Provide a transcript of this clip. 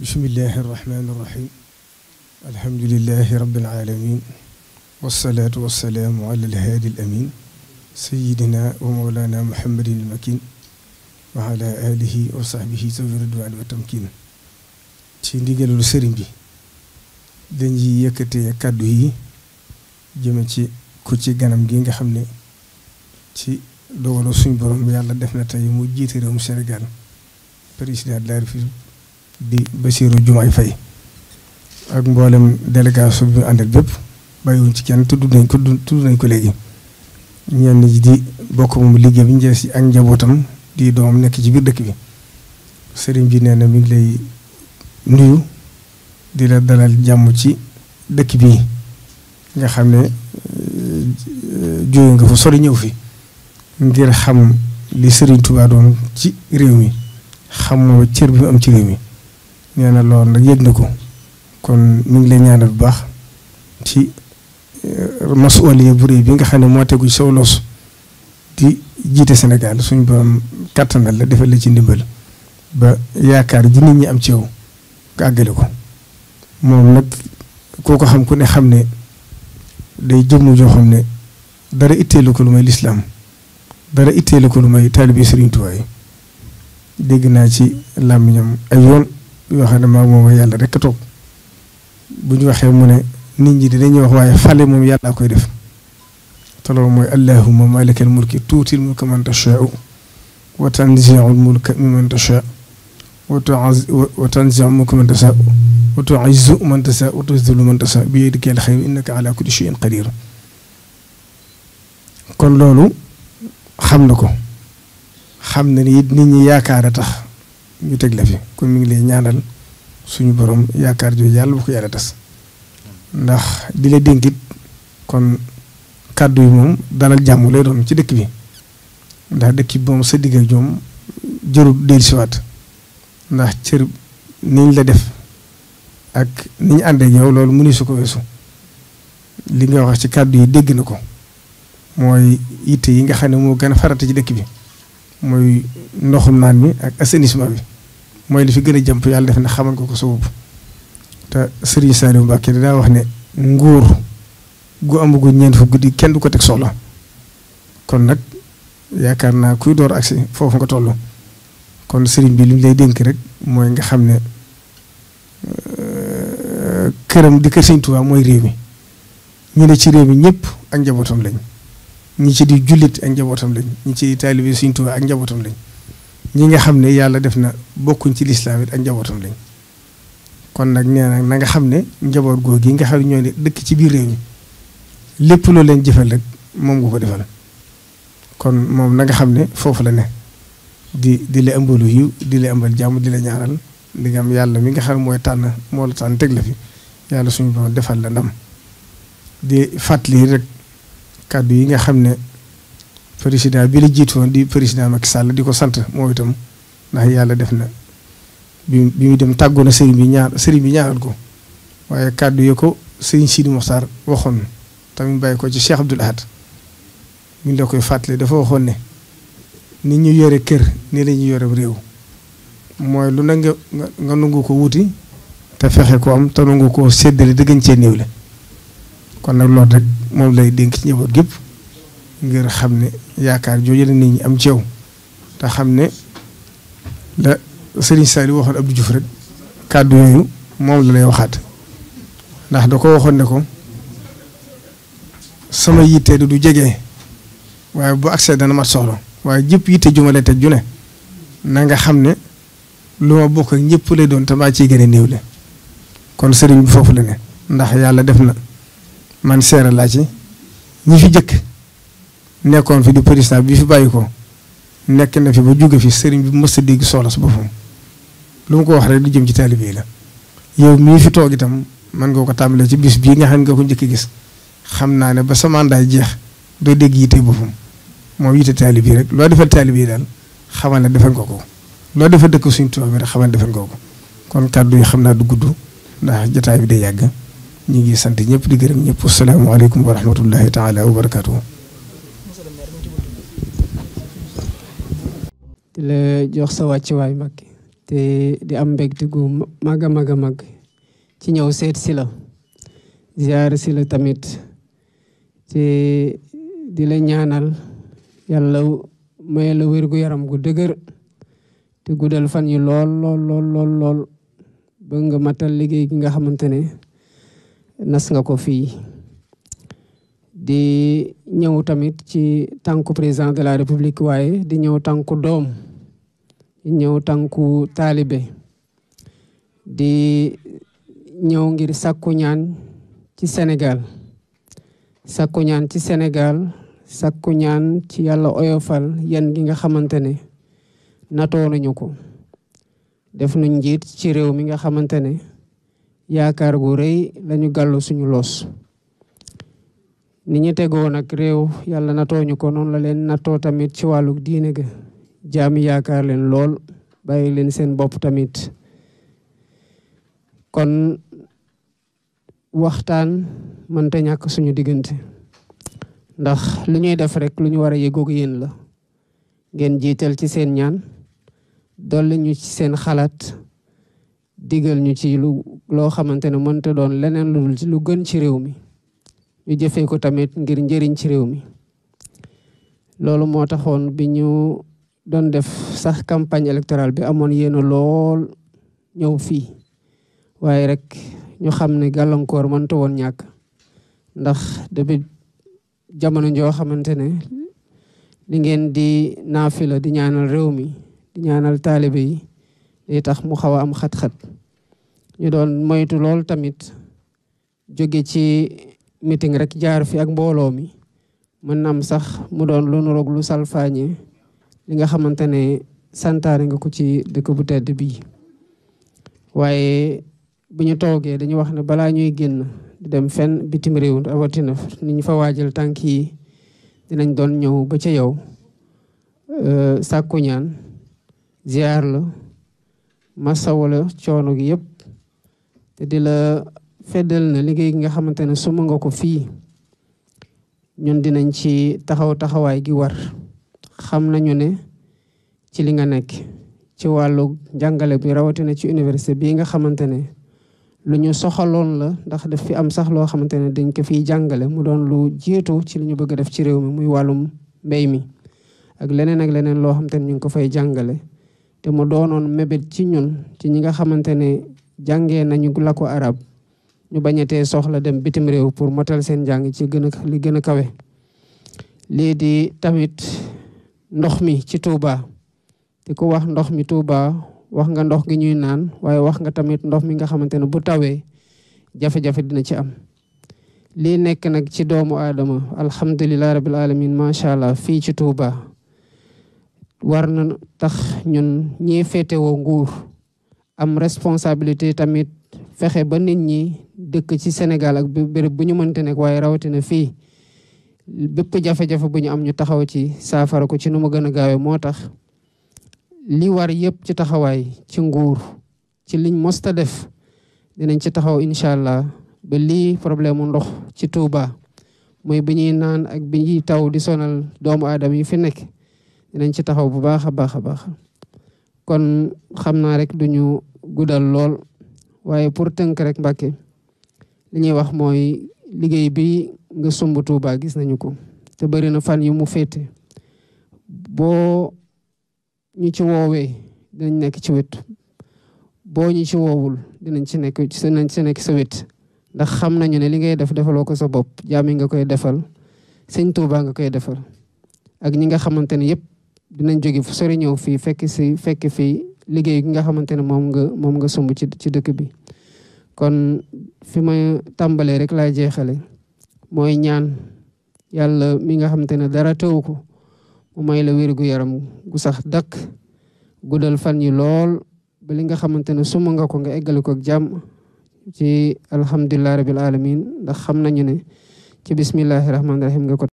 bismillahi irrahmani irrahim alhamdulilahi rabilalamin walsalaatu walsalaamu ala alhaadi alamin sayidina wa mawlana muhammadin almakin wa ala alihi wa sahbihi zawi ridwaan wa tamkin ci ndigalul sëriñ bi dañuy yëkkatee kàddu yi jëme ci ku ci ganam gi nga xam ne ci dogalu suñ borom yàlla def na tey mu jiite réewum Sénégal président de la République di Bassirou Diomaye fay ak mboolem délégation bi ñu àndal bépp bàyyiwuñ ci kenn tudd nañ ko tudd nañ ko léegi ñenn ji di bokk moom liggéey bi njëriñ si ak njabootam di doom nekk ci biir dëkk bi sëriñ bi nee na mi ngi lay nuyu di la dalal jàmm ci dëkk bii nga xam ne euh, jóge nga fa sori ñëw fi ngir xam li sëriñ Touba ci réew mi xam cër bi mu am ci réew mi. nee na loolu nag yëg na ko kon mu ngi lay ñaanal bu baax ci euh, masuwaliya bu réy bi nga xam ne moo tegu sow loos di jiite Sénégal suñ borom kattanal la defal la ci ndimbal ba yaakaar ji nit ñi am ci yow nga àggale ko moom nag koo ko xam ku ne xam ne day jëmm joo xam ne dara itteelu ko lu may lislaam dara itteelu ko lu may taalibi Sëriñ Tuubaa yi dégg naa ci làmmiñam ay yoon yoo xam ne ma moom yàlla rekk a toog bu ñu waxee mu ne nit ñi dinañu wax waaye fale moom yàllaa koy def te loolu mooy allahumma malikal mulki tuutil mulka man tashaa'u wa tanzi'ul mulka mimman tashaa'u wa tanzi'ul mulka man tashaa'u wa tu'izzu man tashaa'u wa tuzillu man tashaa'u bi yadikal khayru innaka ala kulli shay'in qadir kon loolu xam na ko xam na ni nit ñi yaakaar a tax ñu teg la fi kon mu ngi lay ñaanal suñu borom yaakaar jooju yàlla bu ko yàlla tas ndax di la dénkit kon kàddu yi moom dalal jàmm lay doon ci dëkk bi ndax dëkk bi moom sa digg ak ñoom ndax cër la def ak ni ñu àndee yow loolu mënu su ko li nga wax ci kàddu yi dégg ko mooy yitte yi nga xam ne moo gën a farata ci dëkk bi mooy ndoxum naan mi ak assainissement bi mooy li fi gën a jëmp yàlla def na xamal ko ko suubu te Serigne Saliou Mbacke daa wax ne ngóor gu amagu ñeent fa guddi kenn du ko teg soxla kon nag yaakaar naa kuy door agsi foofu nga toll kon Serigne bi li mu lay rek mooy nga xam ne euh, këram di kër Serigne Touba mooy réew mi ñu ne ci réew mi ñëpp ak njabootam lañ ñi ci di jullit ak njabootam lañ ñu ci taalibe Serigne Touba ak njabootam lañ. ñi nga xam ne yàlla def na bokkuñ ci lislaam it ak njabootam lañ kon nag nee na nga xam ne njaboot góor gi nga xam ne ñoo ne dëkk ci biir réew mi lépp loo leen jëfal rek moom nga ko defal kon moom na nga xam ne foofu la ne di di la ëmbalu yiw di la ëmbal jàmm di la ñaaral di nga am yàlla mi nga xam ne mooy tànn moo la tànn teg la fi yàlla suñu borom defal la ndam di fàttali rek kàddu yi nga xam ne président bi la jiitu woon di président Macky sàll di ko sant moo itam ndax yàlla def na bi bi muy dem tàggoon na sëriñ bi ñaan sëriñ bi ñaanal ko waaye kàddu ya ko sëriñ Sidi Moxtaar waxoon tamit bàyyi ko ci Cheikh Abdoul Ahad mi ngi la koy fàttali dafa waxoon ne nit ñi yore kër ni la ñu yore réew mooy lu na nga nga nangu ko wuti te fexe ko am te nangu ko séddale dëggañ cee néew la kon nag loolu rek moom lay dénk ci ñëwaat gépp ngir xam ne yaakaar jooju la nit ñi am ci yow te xam ne la Serigne Saliou waxoon Abdou Diouf rek kàddu yooyu moom la lay waxaat ndax da ko waxoon ne ko sama yitte du jege waaye bu accès dana mat soxla waaye jëpp yitte jumale te ju ne na nga xam ne lu ma bokk ak ñëpp lay doon te maa ciy gën a néew le kon sëriñ bi foofu la ne ndax yàlla def na man seera laa ci ñi fi jëkk nekkoon fi di président bi fi bàyyi ko nekk na fi ba jóge fi sëriñ bi mës a dégg soxla su boppam lu mu ko wax rek du jëm ci taalibe yi la. yow mii fi toog itam mën nga ko tàmbalee ci bis bii nga xam nga ko njëkk gis xam naa ne ba sa mandat jeex doo dégg yite boppam moom yite taalibe yi rek loo defal taalibe yi daal xamal ne defal nga ko loo defal dëkk suñu tubaab bi rek xamal ne defal nga ko kon kàddu yi xam naa du gudd ndax jotaay bi day yàgg ñu ngi sant ñëpp di gërëm ñëpp asalaamaaleykum wa rahmatullahi taala wa barakaatu. di jox sa wàccuwaay mag te di am mbégte gu mag a mag a mag ci ñëw seet si la ziar si tamit te di la ñaanal yàlla may la wér yaram gu dëgër te guddal fan yi lool lool lool lool lool nga matal liggéey gi nga xamante ne nas nga ko fii di ñëw tamit ci tànku président de la république waaye di ñëw tànku doom ñëw tànku taalibe di ñëw ngir sàkku ñaan ci Sénégal sàkku ñaan ci Sénégal sàkku ñaan ci yàlla oyofal yan gi nga xamante ne natoo nañu ko def nu njiit ci réew mi nga xamante ne yaakaar gu lañu gàllu suñu loos ni ñu tegoo nag réew yàlla natoo ñu ko noonu la leen natoo tamit ci wàllu diine ga jaami yaakaar leen lool bàyyi leen seen bopp tamit kon waxtaan mënta ñàkk suñu diggante ndax lu ñuy def rekk lu ñu war a yëgoog yéen la ngeen jiital ci seen ñaan dolli ñu ci seen xalaat digal ñu ci loo xamante ne mënta doon leneen lu gën ci réew mi ñu jëfee ko tamit ngir njëriñ ci réew mi loolu moo taxoon bi ñu doon def sax campagne électorale bi amoon yéena lool ñëw fii waaye rek ñu xam ne gàllankoor mënta woon ñàkk ndax depuis jamono joo xamante ne li ngeen di naafila di ñaanal réew mi di ñaanal taalibe yi li tax mu xaw a am xat-xat ñu doon moytu lool tamit jóge ci meeting rek jaar fi ak mbooloo mi mën na sax mu doon lu nu roog lu salfaañe li nga xamante ne santaare nga ko ci dëkk bu tedd bii waaye bu ñu toogee dañu wax ne balaa ñuy génn di dem fenn bitim réew awatina ni ñu fa waajal tànk yi dinañ doon ñëw ba ci yow euh, sàkku ñaan ziar la masawu la coono gi yëpp te di la feddal na liggéey gi nga xamante ne suma nga ko fii ñun dinañ ci taxaw taxawaay gi war xam nañu ne ci li nga nekk ci wàllu jàngale bi rawatina ci université bii nga xamante ne lu ñu soxaloon la ndax daf fi am sax loo xamante ne dañ ko fiy jàngale mu doon lu jiitu ci lu ñu bëgg a def ci réew mi muy wàllum mbéy mi ak leneen ak leneen loo xamante ne ñu ngi ko fay jàngale te mu doonoon mébét ci ñun ci ñi nga xamante ne jàngee nañu la lakko arab ñu bañatee soxla dem bitim réew pour motal seen jàng ci gën li gën a kawe lii di tamit ndox mi ci Touba te ku wax ndox mi Touba wax nga ndox gi ñuy naan waaye wax nga tamit ndox mi nga xamante ne bu tawee jafe-jafe dina ci am lii nekk nag ci doomu aadama alhamdulilah rabil alamin macha allah fii ci Touba war na tax ñun ñi féetewoo nguur am responsabilité tamit fexe ba nit ñi dëkk ci Sénégal ak béréb bu ñu mënte nekk waaye rawatina fii bépp jafe-jafe bu ñu am ñu taxaw ci saafara ko ci nu mu gën moo tax li war yëpp ci taxawaay ci nguur ci liñ mosta def dinañ ci taxaw incha allah ba lii problème mu ndox ci Touba mooy bi ñuy naan ak bi ñuy taw di sonal doomu aadama yi fi nekk dinañ ci taxaw bu baax a baax a baax kon xam naa rek ñu guddal lool waaye pour tënk rek Mbàkke li ñuy wax mooy liggéey bi nga sumb Touba gis nañu ko te bëri na fan yu mu féete boo ñu ci woowee dinañ nekk ci wet boo ñu ci woowul dinañ ci nekk ci nekk sa wet ndax xam nañu ne li ngay def defaloo ko sa bopp jaam nga koy defal sëñ Touba nga koy defal ak ñi nga xamante ne yëpp dinañ jóge fu sori ñëw fii fekk fii liggéey gi nga xamante ne moom nga moom nga sumb ci ci dëkk bi kon fi ma tàmbalee rek laay jeexale mooy ñaan yàlla mi nga xamante ne dara teew ko mu may la gu yaram gu sax gu guddal fan yi lool ba li nga xamante ne suma nga ko nga eggale ko ak jàmm ci alhamdulilah rabil alamin ndax xam nañu ne ci bismillahi rahmaani rahim nga ko